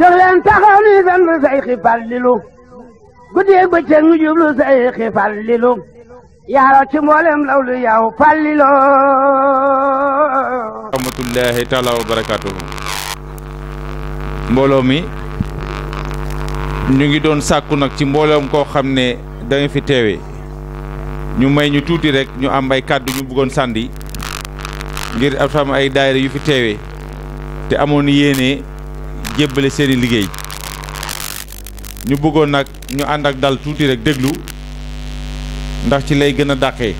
jóg leen taxaw ni sant Seyxi Fallilu guddeeg bëccëg ñu jublu Seyxi Fallilu yaaro ci mboolem law lu yaw Fallilu rahmatullahi taala mi ñu ngi doon sàkku nag ci mbooloom koo xam ne da fi teewe ñu may ñu tuuti rek ñu am ay kàddu ñu bëggoon sàndi ngir am ay daayira yu fi teewe te amoon yéene jébbale seeni liggéey ñu bëggoon nag ñu ànd ak dal tuuti rek déglu ndax ci lay gën a dàqee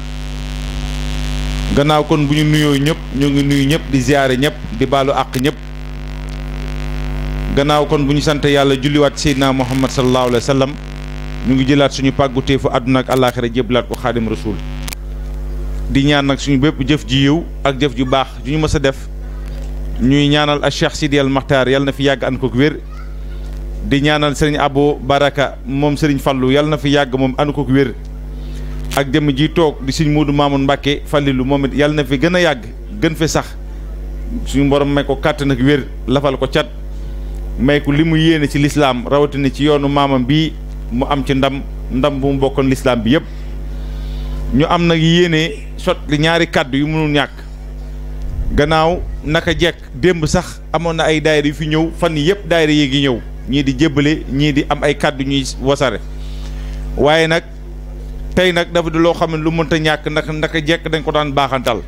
gannaaw kon bu ñu nuyoo ñëpp ñoo ngi nuyu ñëpp di ziyaare ñëpp di baalu àq ñëpp gannaaw kon bu ñu sant yàlla julliwaat seydina muhammad sallallahu alayhi wa sallam ñu ngi jëlaat suñu pàgguteefu àdduna ak àllaaxira jéblaat ko xaadim rasul di ñaan nag suñu bépp jëf ji yiw ak jëf ju baax ju ñu mës a def ñuy ñaanal a Cheikh Sidi al Maxtaar na fi yàgg an ko wér di ñaanal sëriñ Abo Baraka moom sëriñ Fallu yàlla na fi yàgg moom an ko wér ak jëmm ji toog di sëriñ Moodu Maamun Mbàkke Fallilu moom it na fi gën a yàgg gën fi sax suñu borom may ko kàttan ak wér lafal ko cat may ko li mu yéene ci lislaam rawatina ci yoonu maamam bii mu am ci ndam ndam bu mu bokkoon lislaam bi yëpp ñu am nag yéene sot ñaari kàddu yu mënul ñàkk gannaaw naka jekk démb sax amoon na ay daayira yu fi ñëw fan yii yëpp daayira yi ngi ñëw ñii di jébbale ñii di am ay kàddu ñuy wasare waaye nag tey nag dafa di loo xam ne lu mënta ñàkk ndax naka jekk dañ ko daan baaxantal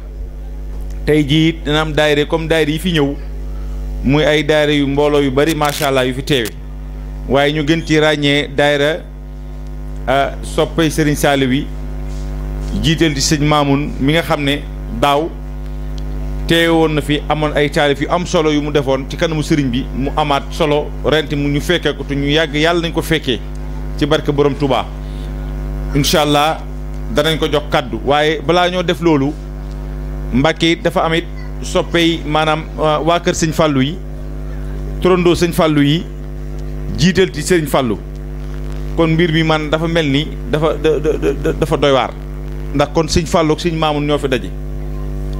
tey jii dina am daayira comme daayira yi fi ñëw muy ay daayira yu mbooloo yu bari macha allah yu fi teewe waaye ñu gën ci ràññee daayira ah, soppay Serigne Saliou wi jiital di sëñ Mamoun mi nga xam ne daaw. woon na fi amoon ay taalif yu am solo yu mu defoon ci kanamu sëriñ bi mu amaat solo renti mu ñu fekkee ko te ñu yàgg yàlla nañ ko fekkee ci barke borom Touba incha allah danañ ko jox kàddu waaye balaa ñoo def loolu Mbàkke it dafa am it soppe maanaam euh, waa kër sëñ Fallou yi turandoo sëñ Fallou yi jiital ci sëñ Fallou kon mbir mi man dafa mel ni dafa dafa doy waar ndax kon sëñ Fallou ak sëñ Maamun ñoo fi daje.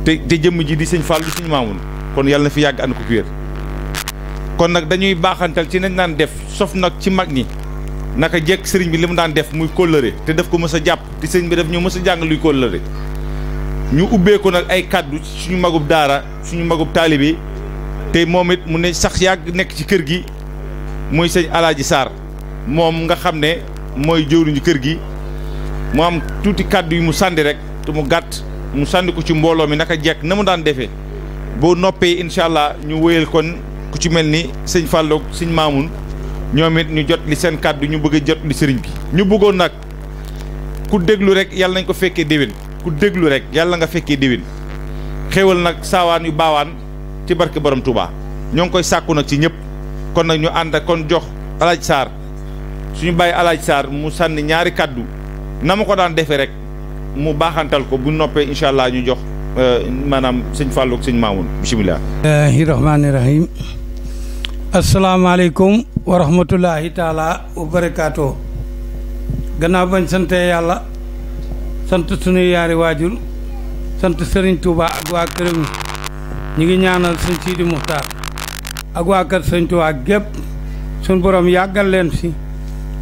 te te jëmm ji di sëñ Fall di sëñ Maamun kon yàlla na fi yàgg ànd ko ku kon nag dañuy baaxantal ci nañ daan def sof nag ci mag ñi naka jekk sëriñ bi li mu daan def muy kóllëre te def ko mës a jàpp te sëriñ bi def ñu mës a jàng luy kóllëre ñu ubbee ko ay kàddu suñu magub daara suñu magub taalibe te moom it mu ne sax yàgg nekk ci kër gi muy sëñ Alaaji Sarr moom nga xam ne mooy jëwriñu kër gi mu am tuuti kàddu yi mu sànni rek te mu gàtt mu sànni ku ci mbooloo mi naka jekk na mu daan defee boo noppee incha allah ñu wéyal kon ku ci mel ni sëñ Fallou sëñ Mamoun ñoom ñu jot li seen kàddu ñu bëgg a jot li sëriñ bi. ñu bëggoon nag ku déglu rek yàlla nañ ko fekkee déwén ku déglu rek yàlla nga fekkee déwén xéwal nag saawaan yu baawaan ci barke borom Touba ñoo ngi koy sàkku na ci ñëpp kon nag ñu ànd ak kon jox alaaj Sarr suñu bàyyi alaaj saar mu sànni ñaari kàddu na ma ko daan defee rek. mu baaxantal ko bu noppee incha allah ñu jox euh, maanaam sëñ Fallou ak sëñ Mamoun bisimilah. bismillahi rahmaani rahim asalaamaaleykum wa gannaaw bañ sante yàlla sant suñuy yaari waajur sant Serigne Touba ak waa këram ñi ngi ñaanal sëñ Sidi Muxtaar ak waa kër sëñ Touba gépp suñ borom yàggal leen fi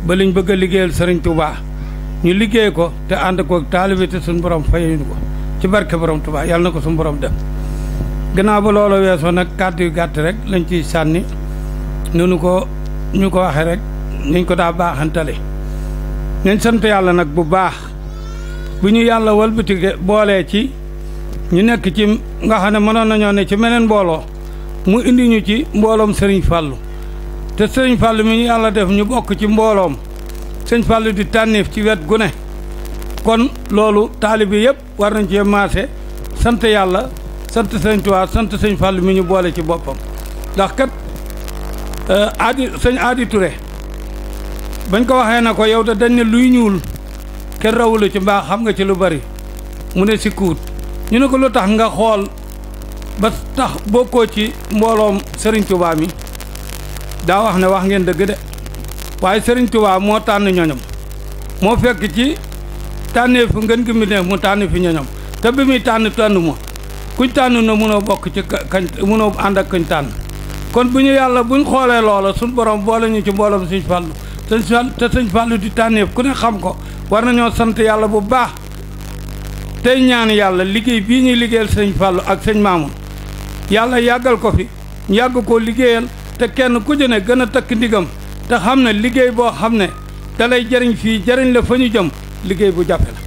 ba liñ bëgg a liggéeyal Serigne Touba. ñu liggéey ko te ànd ko taalibe te suñu borom fayuñu ko ci barke borom tubaa yàlla na ko suñu borom def gannaaw ba loolu weesoo nag kàddu yu gàtt rek lañ ciy sànni nunu ko ñu ko waxe rek niñ ko daa baaxantale nañ sant yàlla nag bu baax bu ñu yàlla walbatike boolee ci ñu nekk ci nga xam ne mënoon nañoo ne ci meneen mbooloo mu indi ñu ci mbooloom sëriñ Fallou te Serigne Fallou mi ñu yàlla def ñu bokk ci mbooloom sëñ Fallou di tànneef ci wet gu kon loolu taalibe yëpp war nañ cee maase sant yàlla sant sëñ Tuubaa sant sëñ Fallou mi ñu boole ci boppam ndax kat aadi euh, sëñ aadi bañ ko waxee na ko yow da dañ ne luy ñuul kenn rawulu ci mbaa xam nga ci lu bari mu ne si kuut ñu ne ko lu tax nga xool ba tax bokkoo ci mbooloom sëriñ tubaab mi daa wax ne wax ngeen dëgg de waaye Serigne Touba moo tànn ñoñom moo fekk ci tànnee fu ngeen gi mu ne mu tànn fi ñoñom te bi muy tànn tànn ma kuñ tànn na mënoo bokk ci kañ mënoo ànd ak kuñ tànn kon bu ñu yàlla buñ xoolee loola suñ borom boole ñu ci mbooloom sëñ Fallu sëñ Fallu te sëñ Fallu di tànneef ku ne xam ko war nañoo sant yàlla bu baax tey ñaan yàlla liggéey bii ñuy liggéeyal sëñ Fallu ak sëñ Maamun yàlla yàggal ko fi yàgg koo liggéeyal te kenn ku jëne gën a takk ndigam te xam ne liggéey boo xam ne dalay lay jëriñ fii jariñ la fa ñu jëm liggéey bu jafe la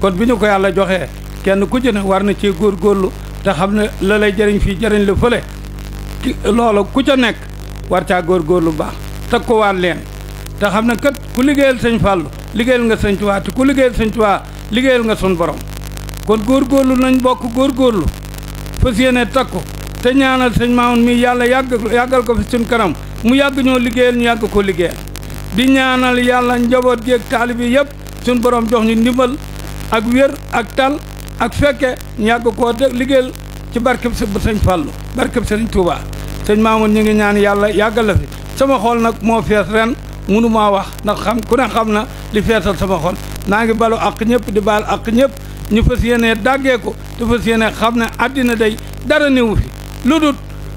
kon bi ñu ko yàlla joxee kenn ku ci ne war na cee góorlu te xam ne la lay jëriñ fii jariñ la fële loola ku ca nekk war caa góorgóorlu baax teg ko waat leen te xam ne kat ku liggéeyal sëñ Fàllu liggéeyal nga sëñ Tuubaa te ku liggéeyal sëñ Tuubaa liggéeyal nga sun borom kon góor góorlu nañ bokk góor góorlu fas yéene takku te ñaanal sëñ Maamun mi yàlla yàgg yàggal ko fi kanam mu yàgg ñoo liggéeyal ñu yàgg ko liggéeyal di ñaanal yàlla njaboot gi ak taalibe yi yëpp suñ borom jox ñu ndimbal ak wér ak tal ak fekke ñu yàgg koo de liggéeyal ci barkeb sëñ Fallou barkeb sëñ Touba sëñ Mamoun ñu ngi ñaan yàlla yàggal la fi sama xol nag moo fees ren munu maa wax ndax xam ku ne xam na li feesal sama xol naa ngi balu ak ñëpp di baal ak ñëpp ñu fas yéenee dàggee ko te fas yéenee xam ne àddina day dara néewu fi lu dul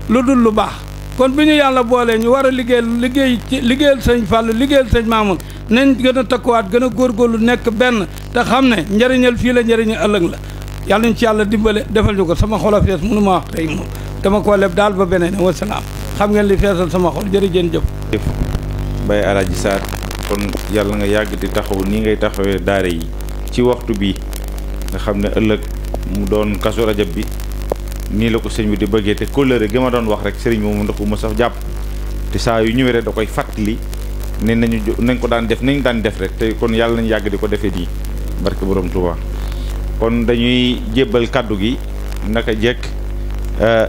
lu dul lu baax kon bi ñu yàlla boolee ñu war a liggéey liggéey ci liggéeyal sëñ Fallou liggéeyal sëñ Mamoun nañ gën a takkuwaat gën a lu nekk benn te xam ne njëriñal fii la njëriñal ëllëg la yàlla ñu ci yàlla dimbale defal ñu ko sama xol a fees mënu ma wax tey moom dama ko leb daal ba beneen wasalaam xam ngeen li feesal sama xol jërëjëf jëf Baye Alaaji Sarr kon yàlla nga yàgg di taxaw nii ngay taxawee daara yi ci waxtu bi nga xam ne ëllëg mu doon kasu rajab bi nii la ko sëñ bi di bëggee te kóllëre gi ma doon wax rek sëriñ moomu ndax ma sa jàpp te saa yu ñëwee rek da koy fàttali ne nañu nañ ko daan def nañ daan def rek te kon yàlla nañ yàgg di ko defee nii barke borom Touba. kon dañuy jébbal kàddu gi naka jekk euh,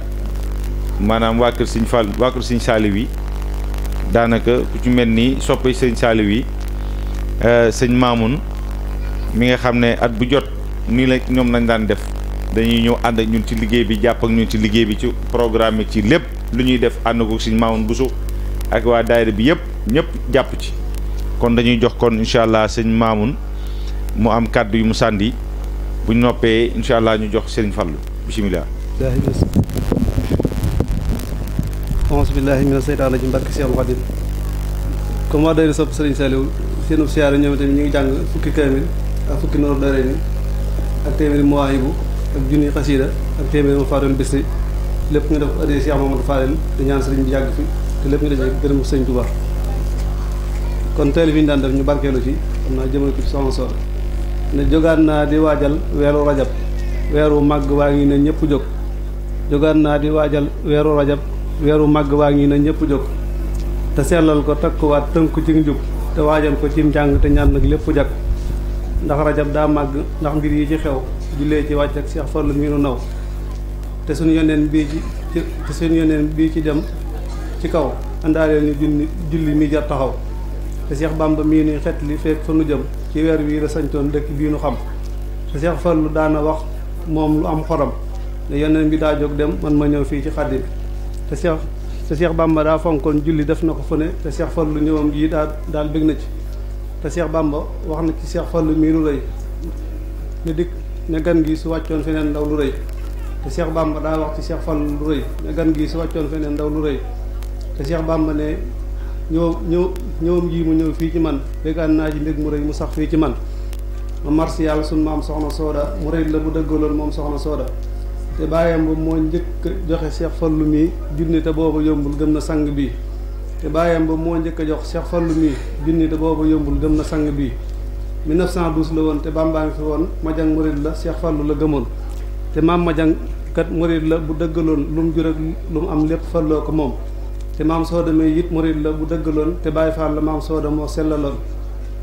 maanaam waa kër sëñ Fall waa kër sëñ Saaliw yi daanaka ku ci mel ni soppe sëñ Saaliw yi euh, sëñ Maamun mi nga xam ne at bu jot nii la ñoom nañ daan def. dañuy ñëw ànd ak ñun ci liggéey bi jàpp ak ñun ci liggéey bi ci programme bi ci lépp lu ñuy def ànd ko Sëñ Mamoun Bousso ak waa daayira bi yëpp ñëpp jàpp ci kon dañuy jox kon incha allah Sëñ Mamoun mu am kàddu yu mu sàndi bu ñu noppee incha allah ñu jox seen Fallu bisimilah. alhamdulilah mina seytaan rajim barke Seexul Xadim comme waa daayira sopp Sëriñ Saliou seenu siyaare ñoom tamit ñu ngi jàng fukki kaamil ak fukki noor dara ni ak téeméeri muwaahibu ak junni xasiida ak téeméeram faadoon bisi lépp nga def addee Cheikh Mamadou Fadel di ñaan sëriñ bi yàgg fi te lépp nga def gërëm sëriñ Tuubaa kon teel bi ñu daan def ñu barkeelu ci xam naa jëmale ko ci sama solo ne jógaat naa di waajal weeru rajab weeru màgg waa ngi ne ñëpp jóg jógaat naa di waajal weeru rajab weeru màgg waa ngi ne ñëpp jóg te sellal ko takkuwaat tënku ci njub te waajal ko ci njàng te ñaan nag lépp jag ndax rajab daa màgg ndax mbir yi ci xew jullee ci wàcc ak Cheikh Fallu mi nu naw te suñu yoneen bii ci te suñu yoneen bii ci dem ci kaw àndaale ñu junni julli mi jar taxaw te Cheikh Bamba mii nuy xet li fekk fa nu jëm ci weer wii la sañtoon dëkk bii nu xam te Cheikh Fallu daana wax moom lu am xorom ne yoneen bi daa jóg dem man ma ñëw fii ci xaddi bi te Cheikh te Cheikh Bamba daa fonkoon julli def na ko fu ne te Cheikh Fallu ñëwam jii daal daal bég na ci te Cheikh Bamba wax na ci Cheikh Fallu mii nu lay ne gan gi su wàccoon feneen ndaw lu rëy te Cheikh Bamba daa wax ci Cheikh Fallu lu rëy ne gan gi su wàccoon feneen ndaw lu rëy te Cheikh Bamba ne ñëw ñëw ñëwam ji mu ñëw fii ci man bégaan naa ji mbég mu rëy mu sax fii ci man ma marsi yàlla sun maam soxna sooda mu rëy la mu dëggaloon moom soxna sooda te bàyyam ba moo njëkk joxe Cheikh lu mii junni te booba yombul gëm na sang bii te bàyyam ba moo njëkk a jox Cheikh Fallu mii junni te booba yombul gëm na sang bii 1912 la woon te Bamba ngi fi woon Madiang murid la Cheikh Fallou la gëmoon te maam Madiang kat murid la bu dëggaloon lu mu jur ak lu mu am lépp falloo ko moom te maam Sooda may it murid la bu dëggaloon te Baye Fall la maam Sooda moo sellaloon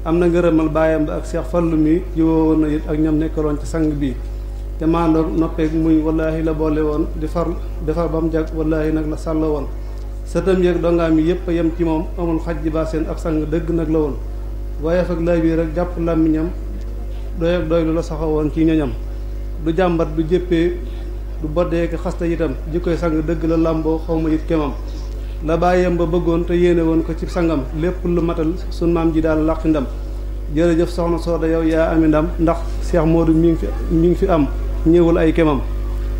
am na ngërëmal baayam la ak Cheikh Fallou mi jiwoo woon na it ak ñoom nekkaloon ci sang bii te maandoog noppeeg muñ wallaahi la boole woon di far defar ba mu jag wallaahi nag la sàlla woon sëtam yeeg dongaam yi yëpp a yem ci moom amul xaj ji ba seen ab sang dëgg nag la woon waaye ak lay biir ak jàpp làmmiñam doy ak doy lu la saxoo woon ci ñoñam du jàmbat du jéppee du boddeeki xasta itam koy sang dëgg la làmboo xawma it kemam la bàyyam ba bëggoon te yéene woon ko ci sangam lépp lu matal sunu maam ji daal làqi ndam jërëjëf soxna Sooda yow yaa ami ndam ndax Cheikh Modou mi ngi fi mi ngi fi am ñëwul ay kemam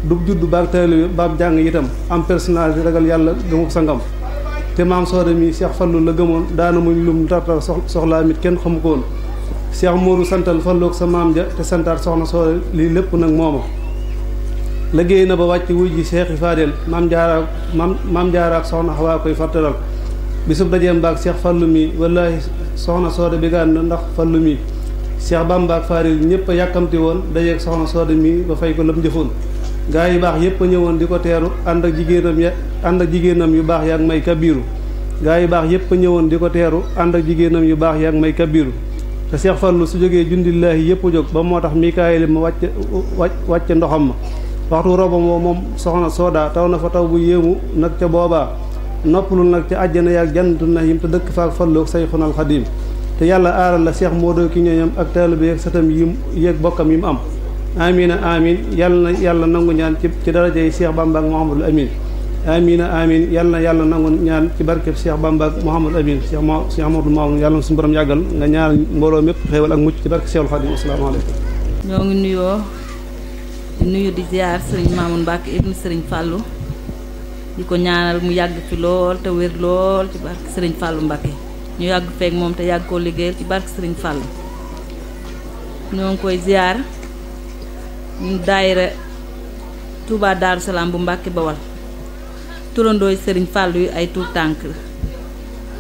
du juddu baag taalibe baab jàng itam am personnalité ragal yàlla gëmu sangam te maam Soxna mi seex Fallou la gëmoon daana muñ lum tartar soxlaa mit kenn xamu ko woon Cheikh Mourou santal Falloog sa maam ja te santaat soxna Soxna lii lépp nag mooma liggéey na ba wàcc wuy ji Cheikh Fadel maam jaaraak maam maam jaaraak soxna xawaa koy bi bisub dajeem baak Cheikh Fallou mi wallaahi soxna Soxna bi gaan ndax fallu mi Cheikh Bamba ak Fadel ñëpp a yàkkamti woon dajeeg soxna Soxna mi ba fay ko lam jëfoon gaa yi baax yëpp a ñëwoon di ko teeru ànd ak jigéenam ya ànd jigéenam yu baax yaag may kabiru gaa yi baax yëpp a ñëwoon di ko teeru ànd jigéenam yu baax yaag may kabiru te Cheikh Fallou su jógee jundillaahi yëpp jóg ba moo tax Mikaayil ma wàcc wàcc ndoxam ma waxtu robam woo moom soxna sooda taw na fa taw bu yéemu nag ca boobaa noppalul nag ca àjjana yaag jannatu nahim te dëkk faak say sayxunal xadim te yàlla aaral la Cheikh Modou ki ñooñam ak taalibe yeeg satam yi mu am amina amin yàlla na yàlla nangu ñaan ci ci daraja yi Cheikh Bamba ak Mouhamadul Amin amina yàlla na yàlla nangu ñaan ci barkeb Cheikh Bamba ak Mouhamadul Amin Cheikh ma Cheikh Amadou yàlla na suñu borom yàggal nga ñaanal mbooloo mépp xéewal ak mucc ci barke Cheikhul Khadim asalaamaaleykum ñoo ngi nuyoo nuyu di ziar sëriñ Mamoun Mbacke ibn sëriñ Fallou di ko ñaanal mu yàgg fi lool te wér lool ci barke sëriñ Fallou Mbacke ñu yàgg feek moom te yàgg koo liggéeyal ci sëriñ Fallou daayira Touba Daaru Salaam bu mbàkki Bawal turandooy sëriñ Fàllu yu ay tuut tànk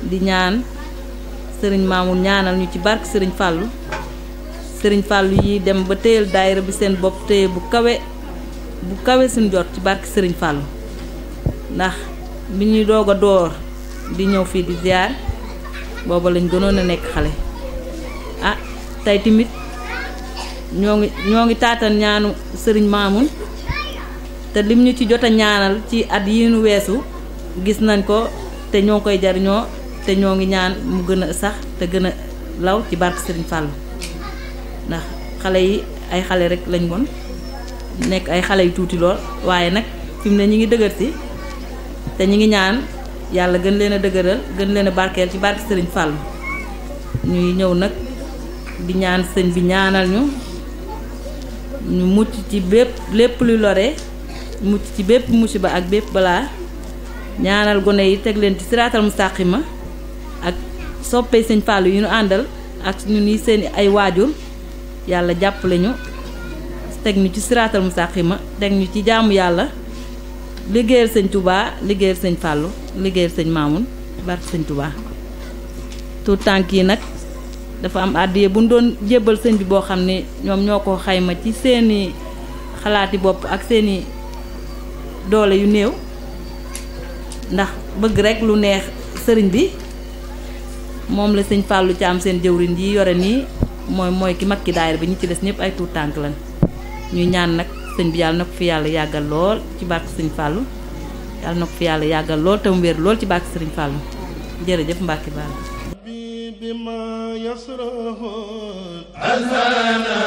di ñaan sëriñ Mamoun ñaanal ñu ci barke sëriñ Fàllu sëriñ Fàllu yi dem ba téyal daayira bi seen bopp téye bu kawe bu kawe suñ jot ci barke sëriñ Fàllu ndax bi ñuy doog a door di ñëw fii di ziar booba lañ gënoon a nekk xale ah tey tamit ñoo ngi ñoo ngi taatan ñaanu sëriñ Mamoun te lim ñu ci jot ñaanal ci at yi nu weesu gis nañ ko te ñoo koy jariñoo te ñoo ngi ñaan mu gën a sax te gën a law ci barke sëriñ Fallou ndax xale yi ay xale rek lañ woon nekk ay xale yu tuuti lool waaye nag fi ne ñi ngi dëgër si te ñi ngi ñaan yàlla gën leen a dëgëral gën leen a barkeel ci barke sëriñ Fallou ñuy ñëw nag di ñaan sëñ bi ñaanal ñu ñu mucc ci bépp lépp luy lore mucc ci bépp mucc ba ak bépp bala ñaanal gone yi teg leen ci siraatal ma ak soppee sëñ Fallou yu ñu àndal ak ñu ni seen ay waajur yàlla jàpp lañu teg ñu ci siraatal ma teg ñu ci jaamu yàlla liggéeyal sëñ Touba liggéeyal sëñ Fallou liggéeyal sëñ Mamoun barke sëñ Touba tout tànk yi nag dafa am àddiya bu ñu doon jébbal sëñ bi boo xam ne ñoom ñoo ko xayma ci seeni xalaati bopp ak seeni doole yu néew ndax bëgg rek lu neex sëriñ bi moom la sëñ Fallou am seen jëwriñ yi yore nii mooy mooy ki mag ki daayira bi ñu ci des ñëpp ay tuut tànk lan ñuy ñaan nag sëñ bi yàlla na ko fi yàlla yàggal lool ci barke sëñ Fallou yàlla na ko fi yàlla yàggal lool tam wér lool ci bàkk sëriñ Fallou jërëjëf Mbacke Ba. بما يسره ألهانا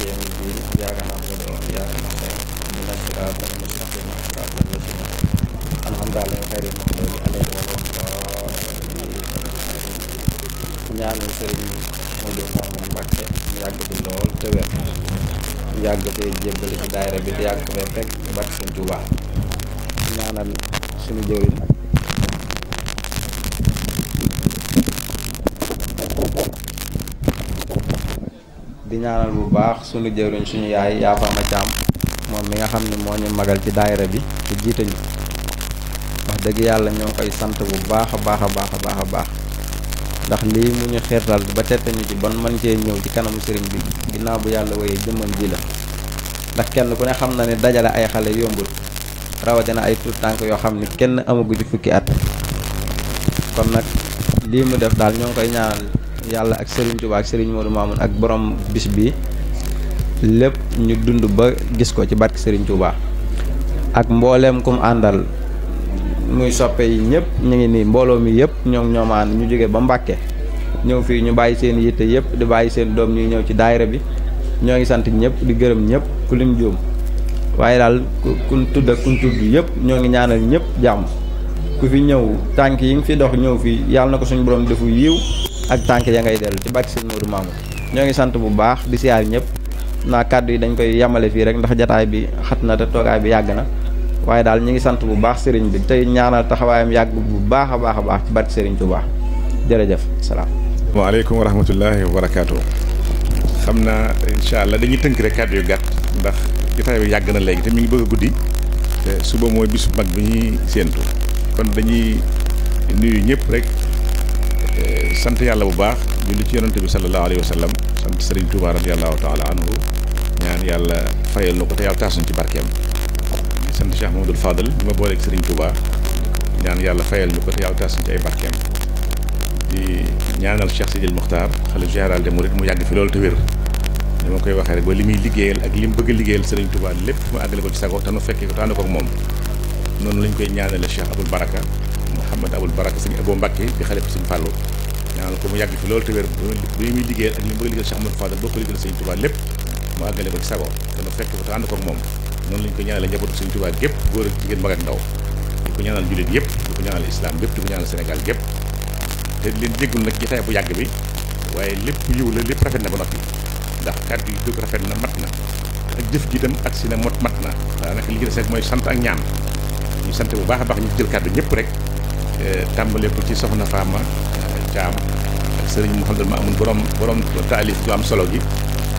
مالك يوم الدين إياك نعبد وإياك نستعين اهدنا الصراط المستقيم صراط الذين أنعمت عليهم غير المغضوب عليهم ولا الضالين ñaanal sëriñ Modou Mamoun Mbacké mu yàgg bi lool te wér yàgg fee jébbali ci daayira bi te yàgg fee fekk barke Sëriñ Tuubaa ñaanal suñu jëwriñ di ñaanal bu baax sunu jëwriñ suñu yaay yaa faama caam moom mi nga xam ne moo ñu magal ci daayira bi te jiite ñu wax dëgg yàlla ñoo ngi koy sant bu baax a baax a baax a baax a baax ndax lii mu ñu xeetal ba tette ñu ci ban man cee ñëw ci kanamu sëriñ bi ginnaaw bu yàlla woyee jëmmam ji la ndax kenn ku ne xam na ne dajale ay xale yombul rawatina ay tuut tànk yoo xam ne kenn amagu ci fukki at kon nag lii mu def daal ñoo koy ñaanal yàlla ak Serigne Touba ak Serigne Modou Mamoun ak borom bis bi lépp ñu dund ba gis ko ci barke Serigne Touba ak mbooleem kum àndal muy soppe yi ñëpp ñu ngi nii mbooloo mi yëpp ñoom ñoomaan ñu jóge ba Mbàkke ñëw fii ñu bàyyi seen yitte yëpp di bàyyi seen doom ñuy ñëw ci daayira bi ñoo ngi sant ñëpp di gërëm ñëpp ku lim jóom waaye daal kun tudd ak kun tudd yëpp ñoo ngi ñaanal ñëpp jàmm ku fi ñëw tànk yi nga fi dox ñëw fii yàlla na ko suñu borom defu yiw ak tànk ya ngay dellu ci bàkki sëñ Modou Mamoun ñoo ngi sant bu baax di siyaar ñëpp naa kàddu yi dañ koy yemale fii rek ndax jataay bi xat na te toogaay bi yàgg na waaye daal ñi ngi sant bu baax sëriñ bi tey ñaanal taxawaayam yàgg bu baax a baax a baax ci barke sëriñ Tuubaa jërëjëf salaam. waaleykum wa rahmatullahi wa barakaatu. xam tënk rek kàddu yu gàtt bi yàgg na léegi te mi ngi bëgg a guddi te suba mooy bisu mag bi ñuy séentu kon dañuy nuyu ñëpp rek Eh, sant yàlla bu baax julli ci yonante bi sallallahu alayhi wa sallam sant Serigne Touba radiallahu taala anhu ñaan yàlla fayal na ko te yàlla taas ñu ci barkeem di sant Cheikh Mamadou Fadal bi ma booleeg Serigne Touba ñaan yàlla fayal ñu ko te yàlla taas ñu ci ay barkeem di ñaanal Cheikh Sidil Mokhtar xalifa général des Mourides mu yàgg fi loolu te wér li ma koy waxee rek ba li muy liggéeyal ak li mu bëgg a liggéeyal Serigne Touba lépp mu àggale ko ci sago te fekkee ko taanu ko ak moom noonu lañ koy ñaanale Cheikh Abdoul Baraka. Mouhamed Abul Baraka sëñ Abo Mbacke di xale bi sëñ Fallou ñaanal ko mu yàgg fi loolu te wér bi muy liggéeyal ak li mu bëgg liggéeyal Cheikh Amadou Fadal boo ko liggéeyal sëñ Touba lépp mu àggale ko ci sago dana fekk fa te ànd ko ak moom noonu lañ ko ñaanale njabootu sëñ Touba gépp góor ak jigéen mag ak ndaw di ko ñaanal jullit yëpp di ko ñaanal islam yëpp di ko ñaanal Sénégal yëpp te leen déggul nag jotaay bu yàgg bi waaye lépp yiw la lépp rafet na ba noppi ndax kàddu yi dëgg rafet na mat na ak jëf ji itam ak si na mot mat na daanaka li gën seet mooy sant ak ñaan ñu sant bu baax a baax ñu jël kàddu ñëpp rek Eh, tàmbale ko ci soxna Fama Thiam eh, ak sëriñ Mouhamadou Mamoun borom borom taalif gu am solo gi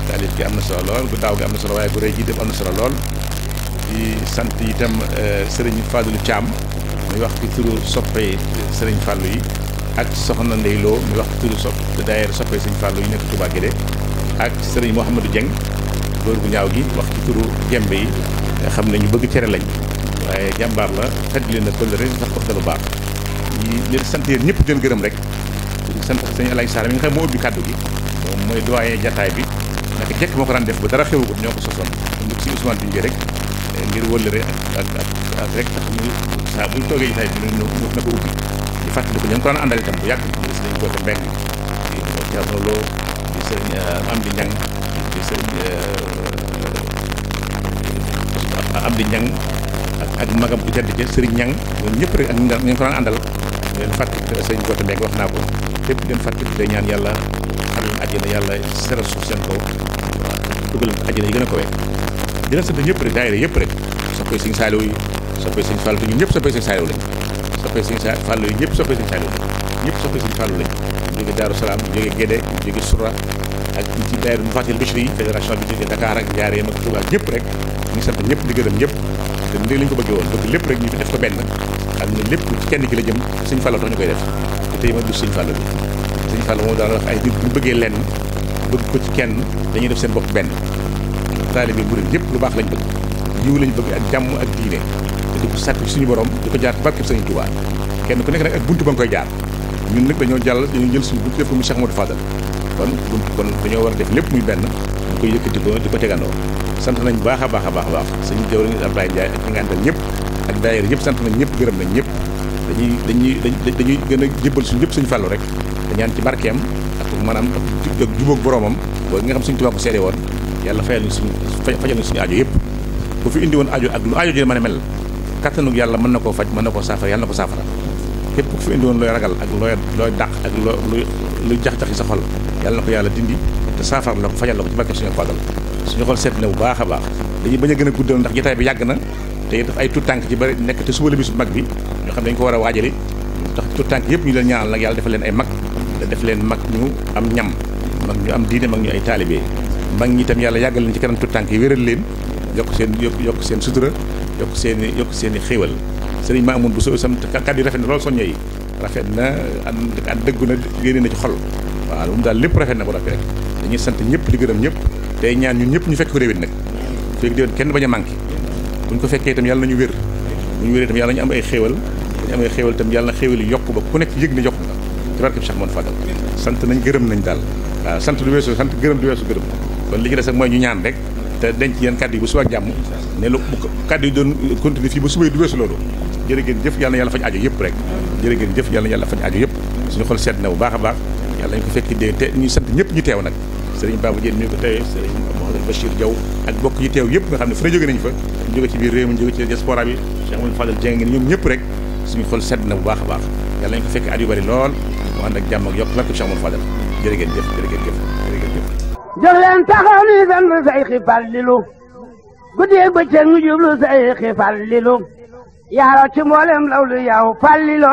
taalif gi am na solo lool gu daaw gi am na solo waaye gu rëy gi def am na solo lool di sant itam eh, sëriñ Fadlu Thiam muy wax ci turu soppe sëriñ Fallou yi ak soxna Ndeyloo muy wax ci turu sopp daayira soppe sëriñ Fallou yi nekk Touba Guédé ak sëriñ Mouhamadou Dieng góor gu ñaaw gi wax ci turu jembe yi nga xam ne ñu bëgg cere lañ waaye jàmbaar la xet leen na di leen sant yéen ñëpp di gërëm rek di sant sëñ Alay Sall mi nga xam moo ubbi kàddu gi moom mooy doyen jataay bi naka jekk moo ko daan def ba dara xewu ko ñoo ko sosoon ñu si Ousmane Bindié rek ngir wëllëre ak ak ak rek tax muy saa bu ñu toogee jataay bi ñu na ko ubbi di fàttali ko ñu ngi ko daan àndal itam bu yàgg di sëñ Gote Mbeng di Thierno Lo di sëñ euh, am di Ñang di sëñ am di Ñang ak magam bu tedd ca Serigne Niang ñoom ñëpp rek ak ñu ngi ko daan àndal di leen fàttali sëñ Goota léegi wax naa ko lépp di leen fàttali day seen kaw dugal leen àjjana a ko wee leen sant ñëpp rek yëpp rek soppee sëñ Saaliw yi soppee sëñ Fallu ñëpp soppee sëñ Saaliw lañ soppee ñëpp soppee sëñ Saaliw ñëpp soppee sëñ Fallu lañ ñu jóge Daaru Salaam ñu jóge Gédé ñu jóge Sura ak ci daayira mu fàttali Bichri fédération bi jóge Dakar ak Njaaréem ak Tuubaa ñëpp ñu sant ñëpp di gërëm ñëpp te nii lañ ko bëggee woon bëgg lépp rek ñu def ko benn ak ne lépp ci kenn ki la jëm suñ fàllo tax ñu koy def te tey ma gis suñ fàllo bi suñ fàllo moom daal wax ay nit bu ñu bëggee lenn bëgg ko ci kenn dañuy def seen bopp benn taali bi murid yëpp lu baax lañ bëgg jiw lañ bëgg ak jàmm ak diine te di ko sàkk suñu borom di ko jaar barkeb Sëriñ Tuubaa kenn ku nekk nag ak buntu ba nga koy jaar ñun nag dañoo jàll dañoo jël suñu buntu def ko mu Cheikh Modou Fadal kon buntu kon dañoo war a def lépp muy benn ñu koy yëkkati ko di ko tegandoo sant nañ baax a baax a baax a baax suñu jaww ji Abdoulaye Ndiaye ak ñi nga àndal ak daayira yëpp sant nañ ñëpp gërëm nañ ñëpp dañuy dañuy dañuy gën a jébbal si ñëpp suñu fàllu rek dañaan ci barkeem ak maanaam ak jubóog boroomam booy nga xam suñu tubaab ko seede woon yàlla fayal ñu suñu fajal ñu suñu ajo yëpp bu fi indi woon ajo ak lu aajo ji mën a mel kattanug yàlla mën na koo faj mën na koo saafara yàlla na ko saafara képp ku fi indi woon looy ragal ak looy looy dàq ak loo luy jax-jaxi sa yàlla ko yàlla dindi te saafara la ko fajal la ko ci barke suñu su xol seet na bu baax a baax dañuy bañ a gën a guddal ndax jotaay bi yàgg na te daf ay tut tànk ci bari nekk te suba la bisu mag bi ñoo xam ne dañu ko war a waajale tax tout tànk yëpp ñu leen ñaanal nag yàlla dafa leen ay mag te def leen mag ñu am ñam mag ñu am diine mag ñu ay taalibe mag ñi itam yàlla yàggal leen ci kanam tut tànk yi wéral leen yokk seen yokk seen sutura yokk seen i yokk seen i xéewal sëriñ Maamun bu soo sam kàddu yi rafet na lool soññe yi rafet na an dëggu na yéene na ci xol waaw daal lépp rafet na bu rafet dañuy sant ñëpp di gërëm ñëpp tey ñaan ñun ñëpp ñu fekk ko déwén nag fekk déwén kenn bañ a manqué buñ ko fekkee itam yàlla nañu wér buñ wéree itam yàlla ñu am ay xéewal ñu am ay xéewal itam yàlla na xéewal yi yokk ba ku nekk yëg ne yokk nga ci barkeb sant nañ gërëm nañ daal waaw sant du sant gërëm du weesu gërëm kon li ci des mooy ñu ñaan rek te denc yeen kàddu yi bu suba jàmm ne lu kàddu yi doon continuer fii ba subay du weesu loolu jërë ngeen jëf yàlla na yàlla faj aajo yëpp rek jërë ngeen jëf yàlla na yàlla faj aajo yëpp suñu xol sedd na bu baax a baax yàlla ñu ko fekk dee sant ñëpp ñu teew nag sëriñ Baba Diène mi ko teewee sëriñ Mouhamadou Bachir Diaw ak bokk yi teew yëpp nga xam ne fu ne jóge nañu fa jóge ci biir réew mi jóge ci diaspora bi Cheikh Amadou Fadal Dieng ngeen ñoom ñëpp rek suñu xol sedd na bu baax a baax yàlla nañu ko fekk at yu bari lool mu ànd ak jàmm ak yokk barke Cheikh Amadou Fadal jërë ngeen jëf jërë ngeen jëf jërë ngeen jëf jóg leen taxaw ni sant Seyxi Fallilu guddeeg bëccëg ñu jublu Seyxi Fallilu yaaro ci mboolem lawlu yow Fallilu